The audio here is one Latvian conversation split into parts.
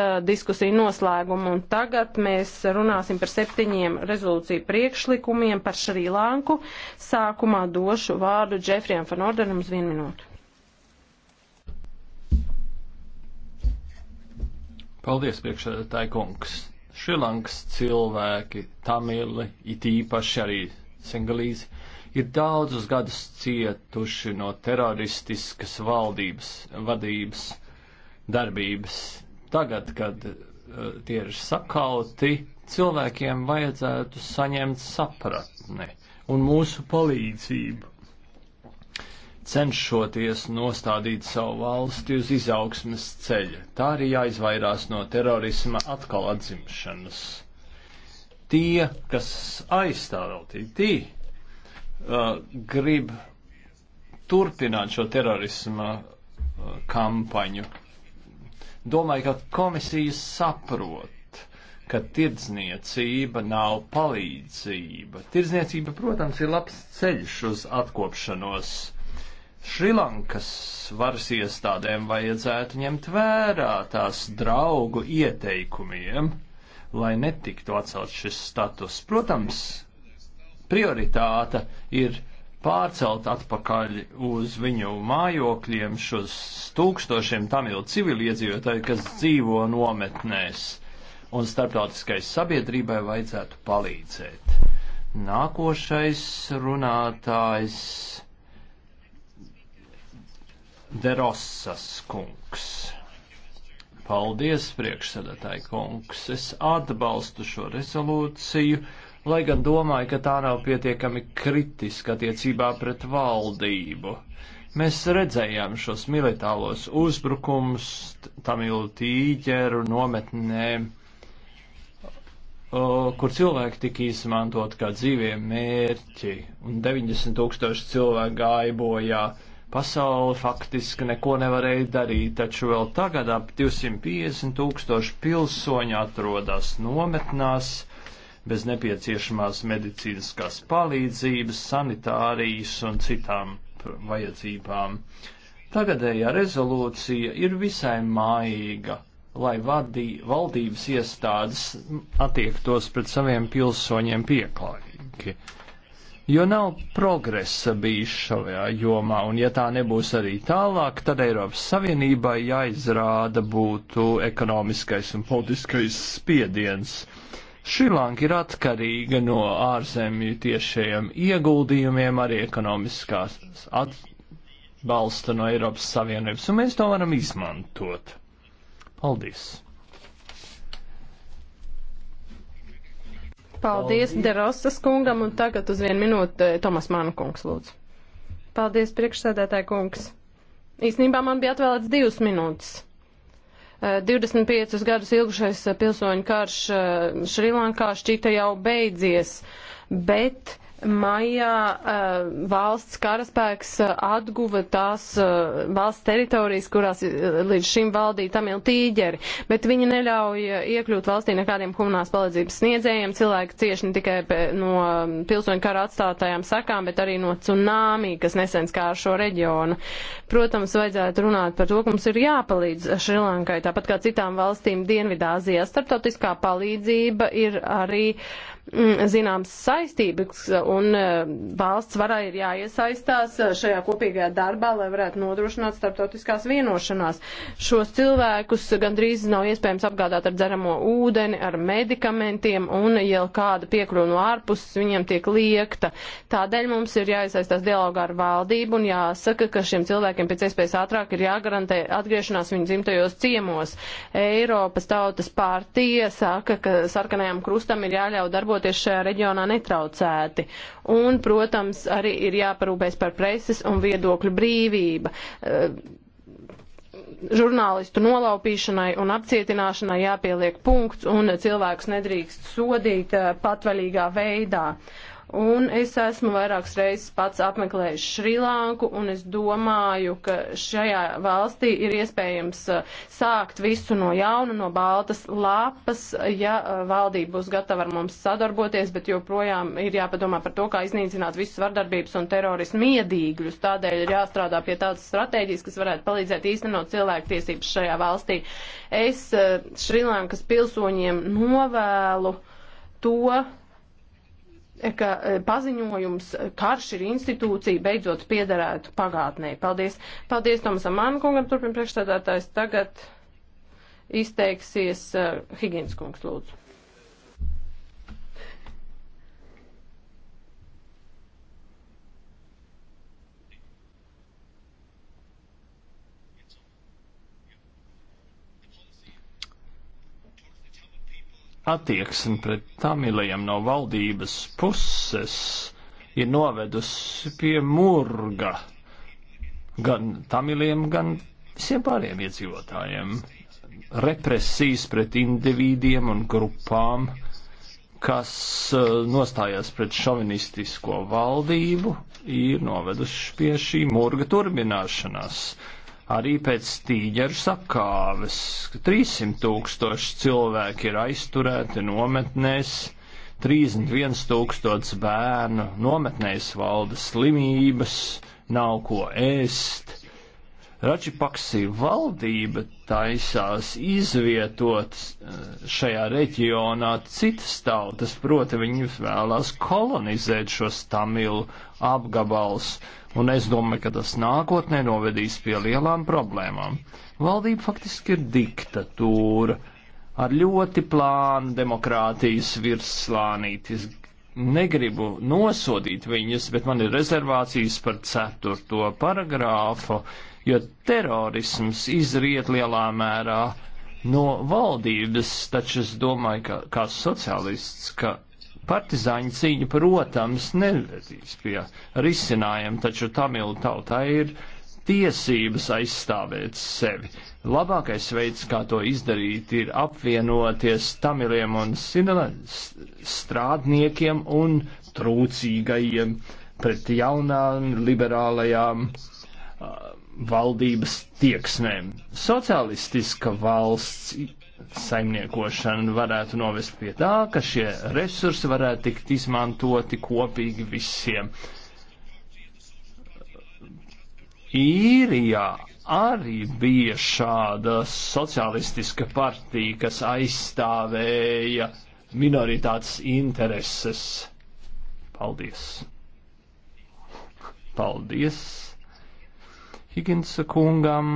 Uh, diskusiju noslēgumu. Un tagad mēs runāsim par septiņiem rezolūciju priekšlikumiem par Šrilanku. Sākumā došu vārdu Džefrijam Fanordenam uz vienu minūtu. Paldies, priekšsēdētāji kungs. Šrilankas cilvēki, tamili, it īpaši arī singalīzi, ir daudzus gadus cietuši no teroristiskas valdības vadības darbības Tagad, kad eh, tie ir sakauti, cilvēkiem vajadzētu saņemt sapratni un mūsu palīdzību, cenšoties nostādīt savu valsti uz izaugsmes ceļa. Tā arī jāizvairās no terorisma atkal atzimšanas. Tie, kas aizstāv LTT, uh, eh, grib turpināt šo terorisma uh, kampaņu Domāju, ka komisija saprot, ka tirdzniecība nav palīdzība. Tirdzniecība, protams, ir labs ceļš uz atkopšanos. Šrilankas varas iestādēm vajadzētu ņemt vērā tās draugu ieteikumiem, lai netiktu atcelt šis status. Protams, prioritāte ir pārcelt atpakaļ uz viņu mājokļiem šos tūkstošiem tamilu civiliedzīvotāju, kas dzīvo nometnēs, un starptautiskai sabiedrībai vajadzētu palīdzēt. Nākošais runātājs Derosas kungs. Paldies, priekšsēdētāji kungs. Es atbalstu šo rezolūciju lai gan domāju, ka tā nav pietiekami kritiska attiecībā pret valdību. Mēs redzējām šos militālos uzbrukums tamilu tīģeru nometnēm, kur cilvēki tika izmantot kā dzīvie mērķi, un 90 tūkstoši cilvēku gāja bojā. Pasauli faktiski neko nevarēja darīt, taču vēl tagad ap 250 tūkstoši pilsoņi atrodas nometnās, bez nepieciešamās medicīniskās palīdzības, sanitārijas un citām vajadzībām. Tagadējā rezolūcija ir visai mājīga, lai vadī, valdības iestādes attiektos pret saviem pilsoņiem pieklājīgi jo nav progresa bijis šajā jomā, un ja tā nebūs arī tālāk, tad Eiropas Savienībai jāizrāda būtu ekonomiskais un politiskais spiediens. Šrilanka ir atkarīga no ārzemju tiešajiem ieguldījumiem, arī ekonomiskās atbalsta no Eiropas Savienības, un mēs to varam izmantot. Paldies! Paldies, Paldies. Derosas kungam, un tagad uz vienu minūti eh, Tomas Māna kungs lūdzu. Paldies, priekšsēdētāji kungs. Īsnībā man bija atvēlēts divas minūtes. 25 eh, gadus ilgušais eh, pilsoņu karš eh, Šrilankā šķita jau beidzies, bet maijā uh, valsts karaspēks uh, atguva tās uh, valsts teritorijas, kurās līdz šim valdīja Tamil tīģeri, bet viņi neļauj iekļūt valstī nekādiem humanās palīdzības sniedzējiem. Cilvēki cieši ne tikai pe, no mm, pilsoņu kara atstātajām sakām, bet arī no cunāmī, kas nesen skār šo reģionu. Protams, vajadzētu runāt par to, ka mums ir jāpalīdz Šrilankai, tāpat kā citām valstīm Dienvidāzijā. Startautiskā palīdzība ir arī uh, Mm, zināmas saistības, un e, valsts varai ir jāiesaistās šajā kopīgajā darbā, lai varētu nodrošināt starptautiskās vienošanās. Šos cilvēkus gandrīz nav iespējams apgādāt ar dzeramo ūdeni, ar medikamentiem, un jau kāda piekļuva no ārpuses viņiem tiek liekta. Tādēļ mums ir jāiesaistās dialogā ar valdību un jāsaka, ka šiem cilvēkiem pēc iespējas ātrāk ir jāgarantē atgriešanās viņu dzimtajos ciemos. Eiropas tautas partija saka, ka sarkanajam krustam ir jāļauj darboties darboties šajā reģionā netraucēti. Un, protams, arī ir jāparūpēs par preses un viedokļu brīvība. Eh, žurnālistu nolaupīšanai un apcietināšanai jāpieliek punkts, un cilvēks nedrīkst sodīt eh, patvaļīgā veidā. Uh, Un es esmu vairākas reizes pats apmeklējis Šrilanku, un es domāju, ka šajā valstī ir iespējams uh, sākt visu no jauna, no baltas lapas, ja uh, valdība būs gatava ar mums sadarboties, bet joprojām ir jāpadomā par to, kā iznīcināt visus vardarbības un terorismu iedīgļus. Tādēļ ir jāstrādā pie tādas stratēģijas, kas varētu palīdzēt īstenot cilvēktiesības šajā valstī. Es uh, Šrilankas pilsoņiem novēlu to, ka e, paziņojums e, karš ir institūcija beidzot piederētu pagātnē. Paldies. Paldies Tomasam Mankungam, turpin priekšstādātājs. Tagad izteiksies uh, e, Higienas kungs, lūdzu. attieksme pret tamiliem no valdības puses ir novedusi pie murga gan tamiliem, gan visiem pāriem iedzīvotājiem. Represijas pret individiem un grupām, kas eh, nostājās pret šovinistisko valdību, ir noveduši pie šī murga turpināšanās arī pēc tīģeru sakāves. 300 tūkstoši cilvēki ir aizturēti nometnēs, 31 tūkstots bērnu nometnēs valda slimības, nav ko ēst Račipaksī valdība taisās izvietot eh, šajā reģionā citas tautas, proti viņus vēlās kolonizēt šos tamilu apgabals, un es domāju, ka tas nākotnē novedīs pie lielām problēmām. Valdība faktiski ir diktatūra ar ļoti plānu demokrātijas virslānītis negribu nosodīt viņus, bet man ir rezervācijas par ceturto paragrāfu, jo terorisms izriet lielā mērā no valdības, taču es domāju, ka kā sociālists, ka partizāņu cīņa, protams, nevedīs pie risinājuma, taču tamilu tautā ir tiesības aizstāvēt sevi. Labākais veids, kā to izdarīt, ir apvienoties tamiliem un strādniekiem un trūcīgajiem pret jaunām liberālajām uh, Uh, valdības tieksmēm. Socialistiska valsts saimniekošana varētu novest pie tā, ka šie resursi varētu tikt izmantoti kopīgi visiem. Īrijā arī bija šāda socialistiska partija, kas aizstāvēja minoritātes intereses. Paldies! Paldies! Higinsa kungam.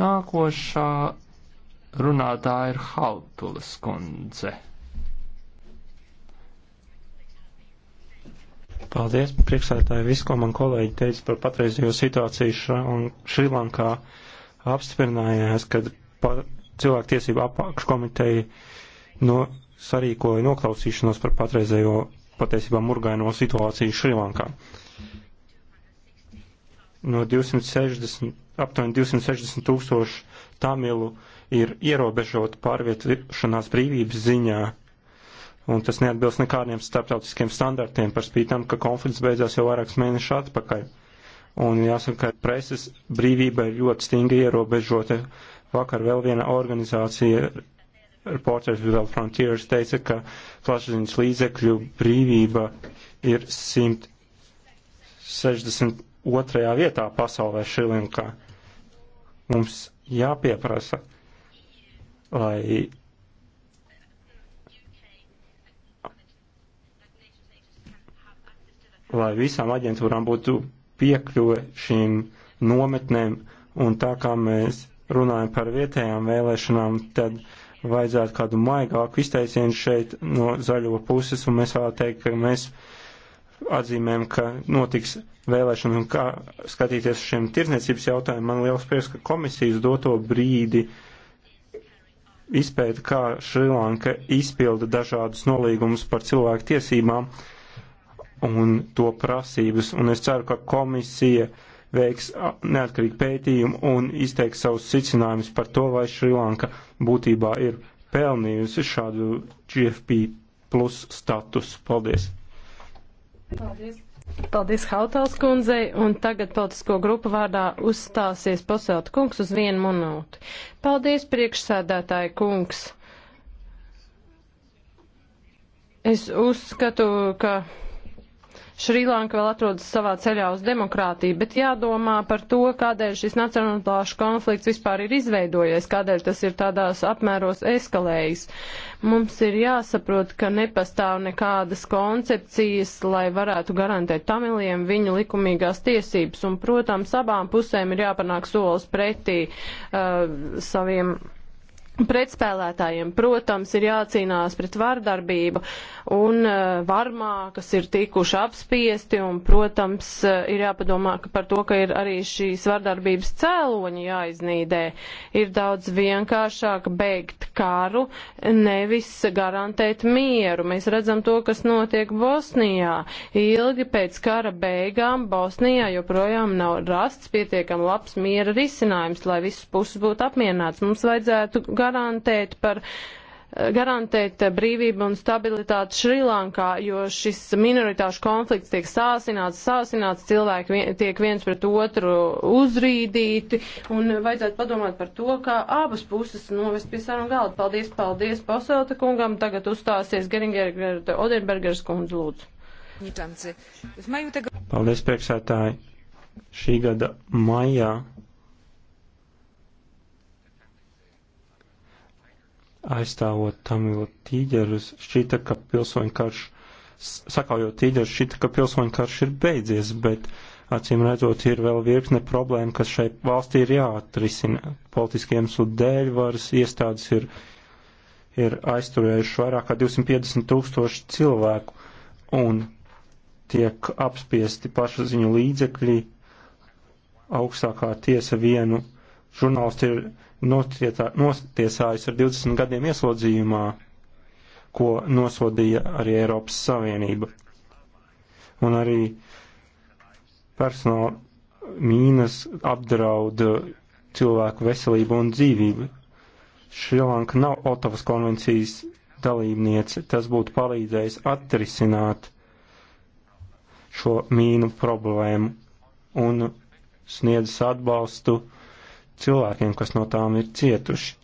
Nākošā runātāja ir Hautulas kundze. Paldies, priekšsētāji, visu, ko man kolēģi teica par patreizējo situāciju Šrilankā apstiprinājās, kad cilvēktiesība apakškomiteja no, nu, sarīkoja noklausīšanos par patreizējo patiesībā murgaino situāciju Šrilankā no 260, aptuveni 260 tūkstoši tamilu ir ierobežota pārvietošanās brīvības ziņā, un tas neatbilst nekādiem starptautiskiem standartiem par spītam, ka konflikts beidzās jau vairākus mēnešus atpakaļ. Un jāsaka, ka preses brīvība ir ļoti stingri ierobežota. Vakar vēl viena organizācija, Reporters Without Frontiers, teica, ka plašsaziņas līdzekļu brīvība ir 160 otrajā vietā pasaulē Šrilankā. Mums jāpieprasa, lai lai visām aģentūrām būtu piekļuve šīm nometnēm, un tā kā mēs runājam par vietējām vēlēšanām, tad vajadzētu kādu maigāku izteicienu šeit no zaļo puses, un mēs vēl teikt, ka mēs uh, atzīmēm, ka notiks vēlēšana un kā skatīties uz šiem tirdzniecības jautājumiem, man liels prieks, ka komisijas doto brīdi izpēta, kā Šrilanka izpilda dažādus nolīgumus par cilvēku tiesībām un to prasības. Un es ceru, ka komisija veiks neatkarīgi pētījumu un izteiks savus secinājumus par to, vai Šrilanka būtībā ir pelnījusi šādu GFP plus status. Paldies! Paldies. Paldies Hautals kundzei, un tagad politisko grupu vārdā uzstāsies posēlta kungs uz vienu minūti. Paldies priekšsēdētāji kungs. Es uzskatu, ka Šrilanka vēl atrodas savā ceļā uz demokrātiju, bet jādomā par to, kādēļ šis nacionālāšu konflikts vispār ir izveidojies, kādēļ tas ir tādās apmēros eskalējis. Mums ir jāsaprot, ka nepastāv nekādas koncepcijas, lai varētu garantēt tamiliem viņu likumīgās tiesības, un, protams, abām pusēm ir jāpanāk solis pretī uh, saviem pretspēlētājiem. Protams, ir jācīnās pret vardarbību un eh, varmā, kas ir tikuši apspiesti, un, protams, eh, ir jāpadomā par to, ka ir arī šīs vardarbības cēloņi jāiznīdē. Ir daudz vienkāršāk beigt karu, nevis garantēt mieru. Mēs redzam to, kas notiek Bosnijā. Ilgi pēc kara beigām Bosnijā joprojām nav rasts pietiekam labs miera risinājums, lai visas puses būtu apmierināts. Mums vajadzētu garantēt garantēt par eh, garantēt brīvību un stabilitāti Šrilankā, jo šis minoritāšu konflikts tiek sāsināts, sāsināts, cilvēki vien, tiek viens pret otru uzrīdīti, un vajadzētu padomāt par to, kā abas puses novest pie sarunu galda. Paldies, paldies Paselta kungam, tagad uzstāsies Geringergerta Odenbergers kundze lūdzu. Paldies, priekšsētāji. Šī gada maijā aizstāvot Tamilu tīģerus, šķita, ka pilsoņu karš, sakaujot tīģerus, šķita, ka pilsoņu karš ir beidzies, bet acīm redzot ir vēl virkne problēma, kas šai valstī ir jāatrisina. Politiskiem sūdu dēļ varas iestādes ir, ir aizturējuši vairāk kā 250 tūkstoši cilvēku un tiek apspiesti pašaziņu līdzekļi. Augstākā tiesa vienu žurnālistu ir notietā, notiesājis ar 20 gadiem ieslodzījumā, ko nosodīja arī Eiropas Savienība. Un arī personāla mīnas apdraud cilvēku veselību un dzīvību. Šrilanka nav Otavas konvencijas dalībniece, tas būtu palīdzējis atrisināt šo mīnu problēmu un sniedzis atbalstu cilvēkiem, kas no tām ir cietuši.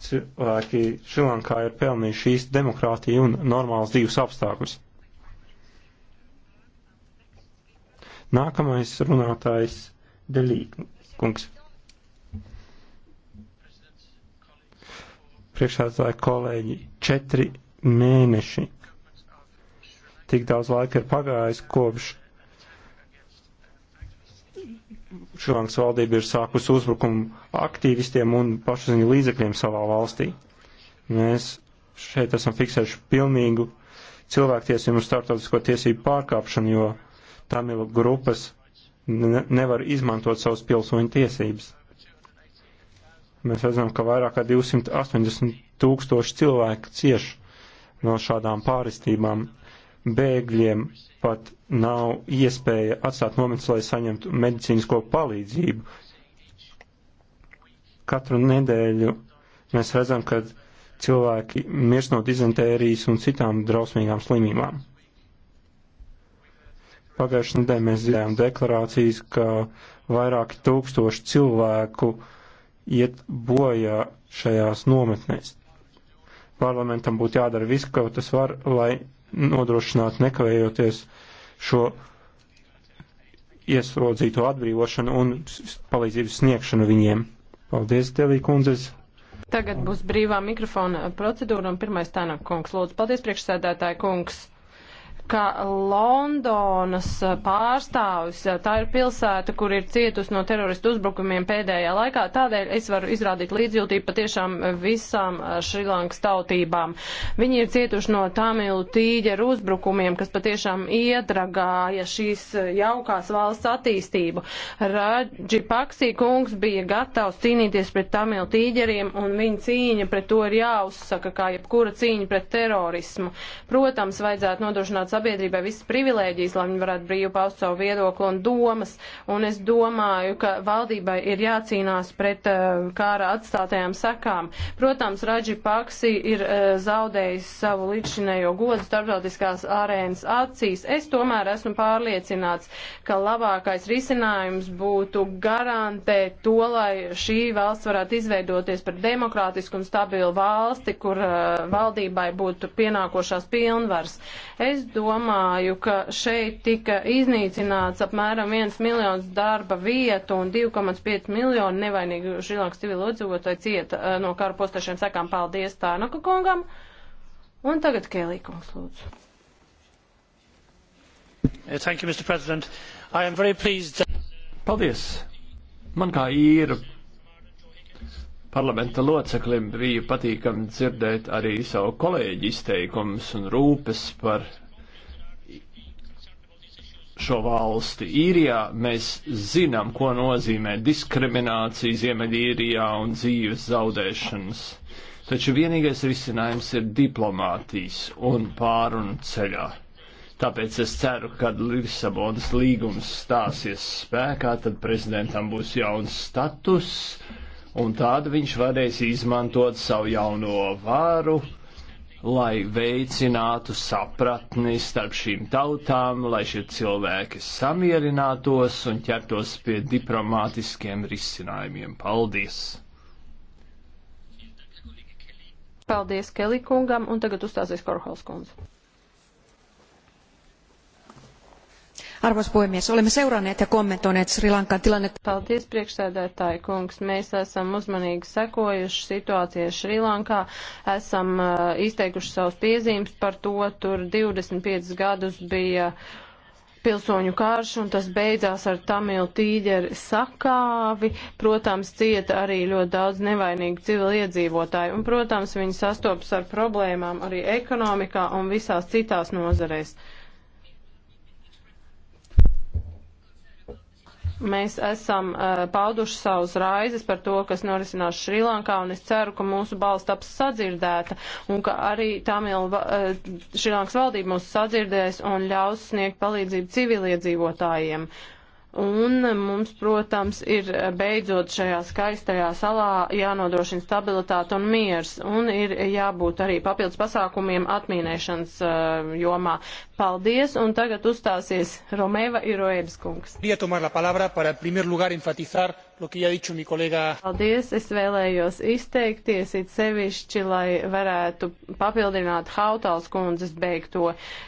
Cilvēki Šrilankā ir pelnījuši īstu demokrātiju un normāls dzīves apstākļus. Nākamais runātājs Delīkungs. Priekšsēdētāji kolēģi, četri mēneši. Tik daudz laika ir pagājis kopš Šrilankas valdība ir sākusi uzbrukumu aktīvistiem un pašziņu līdzekļiem savā valstī. Mēs šeit esam fiksējuši pilnīgu cilvēktiesību un startautisko tiesību pārkāpšanu, jo Tamilu grupas ne, nevar izmantot savas pilsoņu tiesības. Mēs redzam, ka vairāk kā 280 tūkstoši cilvēku cieš no šādām pāristībām bēgļiem pat nav iespēja atstāt nometnes, lai saņemtu medicīnisko palīdzību. Katru nedēļu mēs redzam, ka cilvēki mirst no dizentērijas un citām drausmīgām slimībām. Pagājušajā nedēļā mēs dzirdējām deklarācijas, ka vairāki tūkstoši cilvēku iet bojā šajās nometnēs. Parlamentam būtu jādara viss, ko tas var, lai nodrošināt nekavējoties šo ieslodzīto atbrīvošanu un palīdzības sniegšanu viņiem. Paldies, Delī kundzes! Tagad būs brīvā mikrofona procedūra un pirmais tāna kungs. Lūdzu, paldies priekšsēdētāji kungs! ka Londonas pārstāvis, tā ir pilsēta, kur ir cietusi no teroristu uzbrukumiem pēdējā laikā, tādēļ es varu izrādīt līdzjūtību patiešām visām Šrilankas tautībām. Viņi ir cietuši no tamilu tīģeru uzbrukumiem, kas patiešām iedragāja šīs jaukās valsts attīstību. Raģi Paksī kungs bija gatavs cīnīties pret tamilu tīģeriem, un viņa cīņa pret to ir jāuzsaka, kā jebkura cīņa pret terorismu. Protams, vajadzētu nodrošināt sabiedrību sabiedrībai visas privilēģijas, lai viņi varētu brīvi paust savu viedokli un domas. Un es domāju, ka valdībai ir jācīnās pret uh, kāra atstātajām sekām. Protams, Raģi Paksi ir uh, zaudējis savu līdzinējo godu starptautiskās arēnas acīs. Es tomēr esmu pārliecināts, ka labākais risinājums būtu garantēt to, lai šī valsts varētu izveidoties par demokrātisku un stabilu valsti, kur uh, valdībai būtu pienākošās pilnvaras. Es domāju, domāju, ka šeit tika iznīcināts apmēram 1 miljons darba vietu un 2,5 miljoni nevainīgu Šrilankas civilu iedzīvotāju cieta eh, no kara postošiem sekām. Paldies Tānaka kungam. Un tagad Kēlī kungs lūdzu. Uh, thank you, Mr. President. I am very pleased. That... Paldies. Man kā īru parlamenta loceklim bija patīkami dzirdēt arī savu kolēģi izteikums un rūpes par šo valsti. Īrijā mēs zinām, ko nozīmē diskriminācija Ziemeļīrijā un dzīves zaudēšanas. Taču vienīgais risinājums ir diplomātijas un pārunu ceļā. Tāpēc es ceru, kad Lisabonas līgums stāsies spēkā, tad prezidentam būs jauns status, un tādu viņš varēs izmantot savu jauno vāru, lai veicinātu sapratni starp šīm tautām, lai šie cilvēki samierinātos un ķertos pie diplomātiskiem risinājumiem. Paldies! Paldies Kelī kungam, un tagad uzstāsies Korhals kundze. Arvoisa puhemies, olemme seuranneet ja kommentoineet Sri Lankan tilannetta. Paldies, priekšsēdētāji kungs. Mēs esam uzmanīgi sekojuši situācijai Šrilankā, esam uh, izteikuši savus piezīmes par to. Tur 25 gadus bija pilsoņu karš, un tas beidzās ar Tamilu tīģeri sakāvi. Protams, cieta arī ļoti daudz nevainīgu civiliedzīvotāju, un, protams, viņi sastopas ar problēmām arī ekonomikā un visās citās nozarēs. Uh, Mēs esam uh, pauduši savus raizes par to, kas norisinās Šrilankā, un es ceru, ka mūsu balss taps sadzirdēta, un ka arī Tamil uh, Šrilankas valdība mūs sadzirdēs un ļaus sniegt palīdzību civiliedzīvotājiem. Uh, Un mums, protams, ir beidzot šajā skaistajā salā jānodrošina stabilitāte un miers, un ir jābūt arī papildus pasākumiem atmīnēšanas uh, jomā. Paldies, un tagad uzstāsies Romeva Iroēbskungs. Palabra, para, lugar, enfatizar lo que ya ha dicho mi colega. Paldies, es vēlējos izteikties it sevišķi, lai varētu papildināt Hautals kundzes beigto.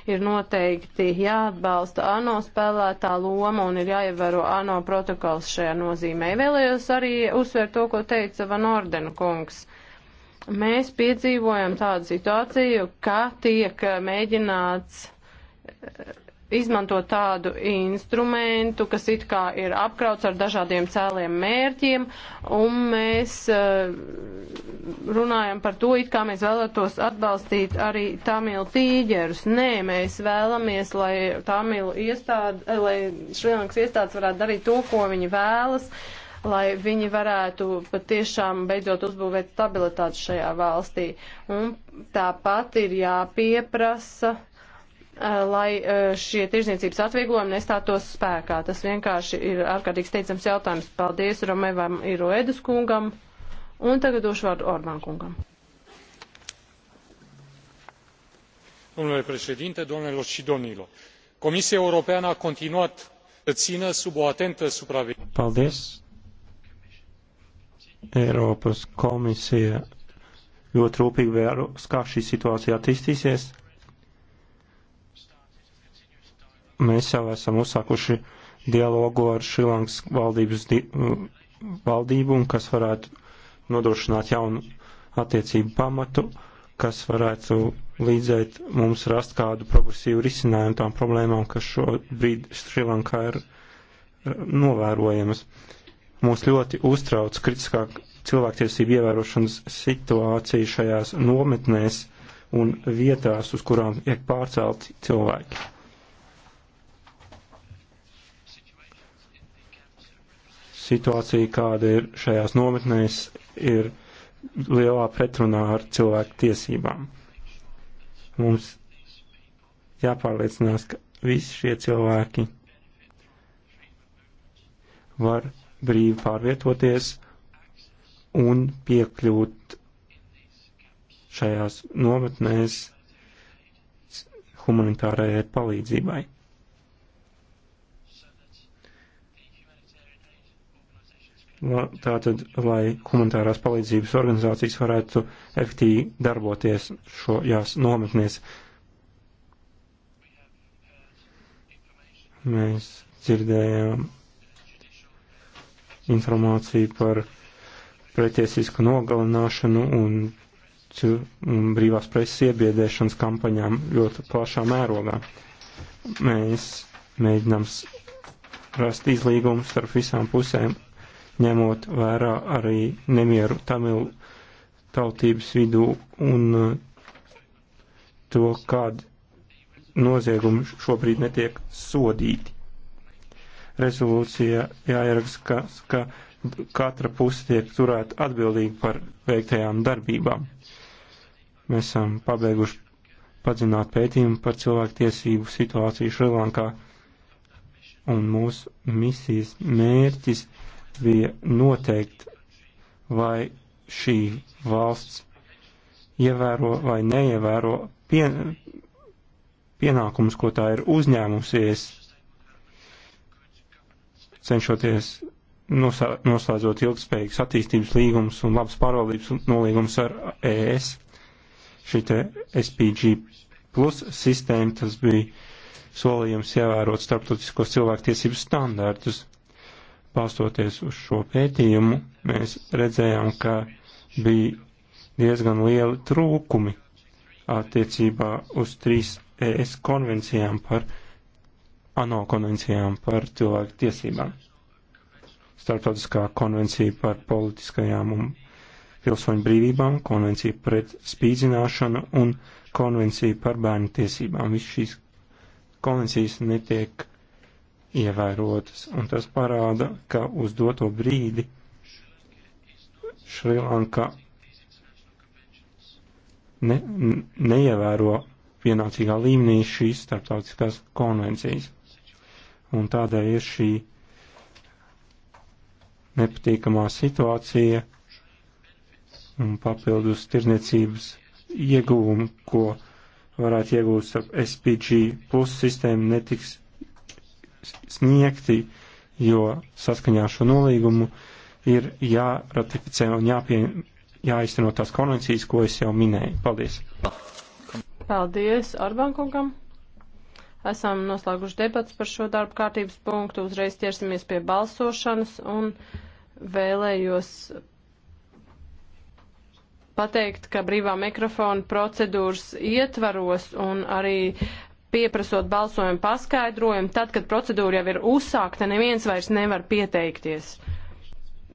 Ir noteikti jāatbalsta ANO spēlētā loma un ir jāievēro ANO protokols šajā nozīmē. Vēlējos arī uzsvērt to, ko teica Van Ordena kungs mēs piedzīvojam tādu situāciju, ka tiek mēģināts izmanto tādu instrumentu, kas it kā ir apkrauts ar dažādiem cēliem mērķiem, un mēs eh, runājam par to, it kā mēs vēlētos atbalstīt arī Tamilu tīģerus. Nē, mēs vēlamies, lai Tamilu iestāde, lai Šrilankas iestādes varētu darīt to, ko viņi vēlas lai viņi varētu patiešām beidzot uzbūvēt stabilitāti šajā valstī. Un tāpat ir jāpieprasa uh, Eh, lai eh, šie tirzniecības atvieglojumi nestātos spēkā. Tas vienkārši ir ārkārtīgi steidzams jautājums. Paldies Romevam Iroedas kungam un tagad došu vārdu Orbán kungam. Domnule președinte, domnilor și domnilor, Comisia Europeană a continuat să țină sub o atentă supraveghere. Paldies. Eiropas komisija ļoti rūpīgi vēro, kā šī situācija attīstīsies Mēs jau esam uzsākuši dialogu ar Šrilankas valdības di valdību un kas varētu nodrošināt jaunu attiecību pamatu, kas varētu līdzēt mums rast kādu progresīvu risinājumu tām problēmām, kas šobrīd Šrilankā ir eh, novērojamas. Mūs ļoti uztrauc kritiskā cilvēktiesību ievērošanas situācija šajās nometnēs un vietās, uz kurām tiek pārcelti cilvēki. Situācija, kāda ir šajās nometnēs, ir lielā pretrunā ar cilvēku tiesībām. Mums jāpārliecinās, ka visi šie cilvēki var brīvi pārvietoties un piekļūt šajās nometnēs humanitārajai palīdzībai. tātad, lai humanitārās palīdzības organizācijas varētu efektīvi darboties šajās nometnēs. Mēs dzirdējām informāciju par pretiesisku nogalināšanu un, un brīvās preses iebiedēšanas kampaņām ļoti plašā mērogā. Mēs mēģinām rast izlīgumu starp visām pusēm ņemot vērā arī nemieru Tamilu tautības vidū un uh, to, kādi noziegumi šobrīd netiek sodīti. Rezolūcija jāieraksta, ka, ka katra puse tiek turēta atbildīga par veiktajām darbībām. Mēs esam pabeiguši padzināt pētījumu par cilvēku tiesību situāciju Šrilankā, un mūsu misijas mērķis bija noteikt, vai šī valsts ievēro vai neievēro pien, pienākumus, ko tā ir uzņēmusies, cenšoties noslēdzot ilgspējīgas attīstības līgumus un labas pārvaldības nolīgumus ar ES. Šī te SPG plus sistēma, tas bija solījums ievērot starptautiskos cilvēktiesības standārtus balstoties uz šo pētījumu, mēs redzējām, ka bija diezgan lieli trūkumi attiecībā uz trīs ES konvencijām par ANO konvencijām par cilvēku tiesībām. Startautiskā konvencija par politiskajām un pilsoņu brīvībām, konvencija pret spīdzināšanu un konvencija par bērnu tiesībām. Viss šīs konvencijas netiek ievērotas, un tas parāda, ka uz doto brīdi Šrilanka ne, neievēro pienācīgā līmenī šīs starptautiskās konvencijas. Un tādēļ ir šī nepatīkamā situācija un papildus tirniecības ieguvumi, ko varētu iegūt ar SPG plus sistēmu, netiks sniegti, jo saskaņā ar šo nolīgumu ir jāratificē un jāpieņem, jāizteno tās konvencijas, ko es jau minēju. Paldies! Paldies Orbānkungam! Esam noslēguši debats par šo darbu kārtības punktu, uzreiz ķersimies pie balsošanas un vēlējos pateikt, ka brīvā mikrofona procedūras ietvaros un arī uh, pieprasot balsojumu paskaidrojumu, tad, kad procedūra jau ir uzsākta, neviens vairs nevar pieteikties.